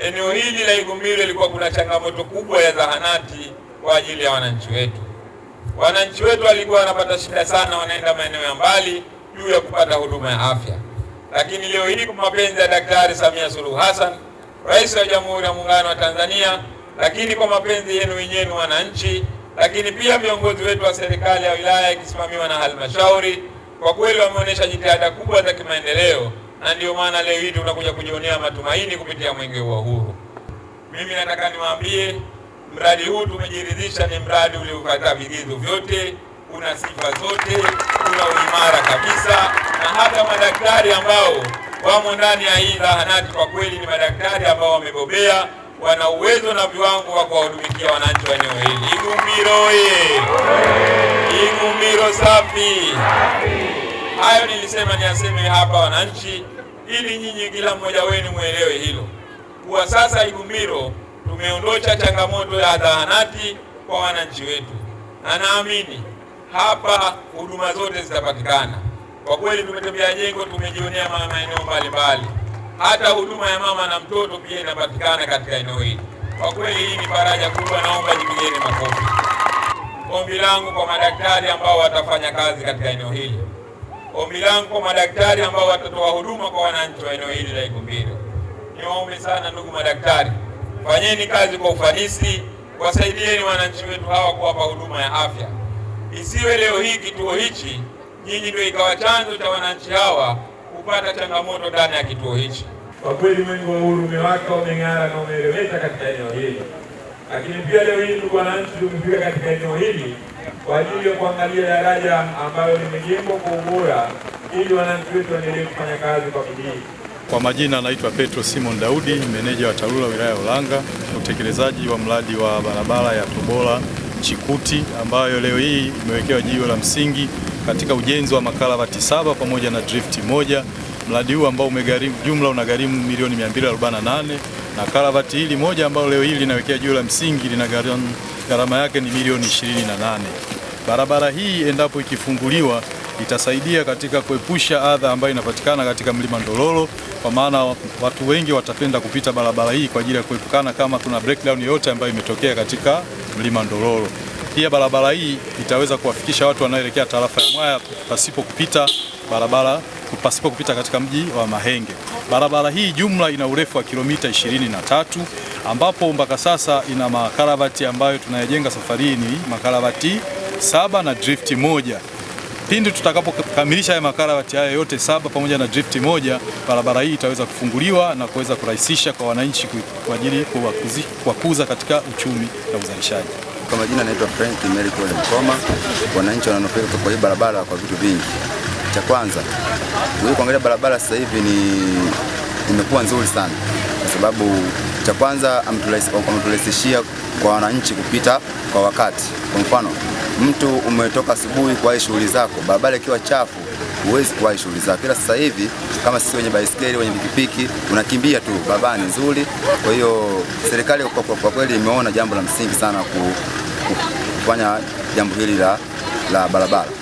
eneo hili la Igumbilo ilikuwa kuna changamoto kubwa ya zahanati kwa ajili ya wananchi wetu. Wananchi wetu walikuwa wanapata shida sana, wanaenda maeneo ya mbali juu ya kupata huduma ya afya, lakini leo hii kwa mapenzi ya Daktari Samia Suluhu Hassan, Rais wa Jamhuri ya Muungano wa Tanzania, lakini kwa mapenzi yenu wenyewe wananchi, lakini pia viongozi wetu wa serikali ya wilaya ikisimamiwa na halmashauri, kwa kweli wameonyesha jitihada kubwa za kimaendeleo na ndio maana leo hii tunakuja kujionea matumaini kupitia mwenge wa uhuru. Mimi nataka niwaambie, mradi huu tumejiridhisha, ni mradi uliokata vigezo vyote, una sifa zote, una uimara kabisa, na hata madaktari ambao wamo ndani ya hii zahanati kwa kweli ni madaktari ambao wamebobea, wana uwezo na viwango wa kuwahudumikia wananchi wa eneo hili. Igumbiro ye! Igumbiro safi! Hayo nilisema niyaseme hapa wananchi, ili nyinyi kila mmoja wenu mwelewe hilo kuwa sasa Igumbiro tumeondosha changamoto ya zahanati kwa wananchi wetu, na naamini hapa huduma zote zitapatikana. Kwa kweli tumetembea jengo, tumejionea maeneo mbalimbali, hata huduma ya mama na mtoto pia inapatikana katika eneo hili. Kwa kweli hii ni faraja kubwa, naomba jipigeni makofi. Ombi langu kwa madaktari ambao watafanya kazi katika eneo hili Ombi langu kwa madaktari ambao watatoa huduma kwa wananchi wa eneo hili la Ikumbiro, niwaombe sana ndugu madaktari, fanyeni kazi kwa ufanisi, wasaidieni wananchi wetu hawa kuwapa huduma ya afya. Isiwe leo hii kituo hichi nyinyi ndio ikawa chanzo cha wananchi hawa kupata changamoto ndani ya kituo hichi. Kwa kweli, Mungu wa huruma wake umeng'ara na umeeleweka katika eneo hili. Lakini pia leo hii, ndugu wananchi, tumefika katika eneo hili kwa ajili ya kuangalia daraja ambayo limejengwa kwa ubora ili wananchi wetu waendelee kufanya kazi kwa bidii. Kwa majina anaitwa Petro Simon Daudi, meneja wa TARURA wilaya ya Ulanga, utekelezaji wa mradi wa barabara ya Tobola Chikuti ambayo leo hii imewekewa jiwe la msingi katika ujenzi wa makaravati saba pamoja na drifti moja Mradi huu ambao umegharimu jumla unagharimu milioni 248 na karavati hili moja ambalo leo hili linawekea jiwe la msingi lina gharama yake ni milioni 28. Barabara hii endapo ikifunguliwa itasaidia katika kuepusha adha ambayo inapatikana katika mlima Ndololo, kwa maana watu wengi watapenda kupita barabara hii kwa ajili ya kuepukana kama kuna breakdown yoyote ambayo imetokea katika mlima Ndololo. Pia barabara hii itaweza kuwafikisha watu wanaoelekea tarafa ya Mwaya pasipo kupita barabara pasipo kupita katika mji wa Mahenge. Barabara hii jumla ina urefu wa kilomita 23 ambapo mpaka sasa ina makaravati ambayo tunayajenga safari hii ni makaravati saba na drifti moja. Pindi tutakapokamilisha haya makaravati haya yote saba pamoja na drift moja, barabara hii itaweza kufunguliwa na kuweza kurahisisha kwa wananchi kwa ajili kuwakuza katika uchumi na uzalishaji. Kwa majina, naitwa Frank Mary Mkoma. Wananchi wananufaika kwa hii barabara kwa vitu vingi cha kwanza unaweza kuangalia barabara sasa hivi ni imekuwa nzuri sana, kwa sababu cha kwanza ameturahisishia kwa wananchi kupita kwa wakati. Kwa mfano mtu umetoka asubuhi kwa shughuli zako, barabara ikiwa chafu huwezi kuwahi shughuli zako, ila sasa hivi kama sisi wenye baisikeli wenye pikipiki unakimbia tu, barabara ni nzuri. Kwa hiyo serikali kwa, kwa, kwa kweli imeona jambo la msingi sana kufanya jambo hili la, la barabara.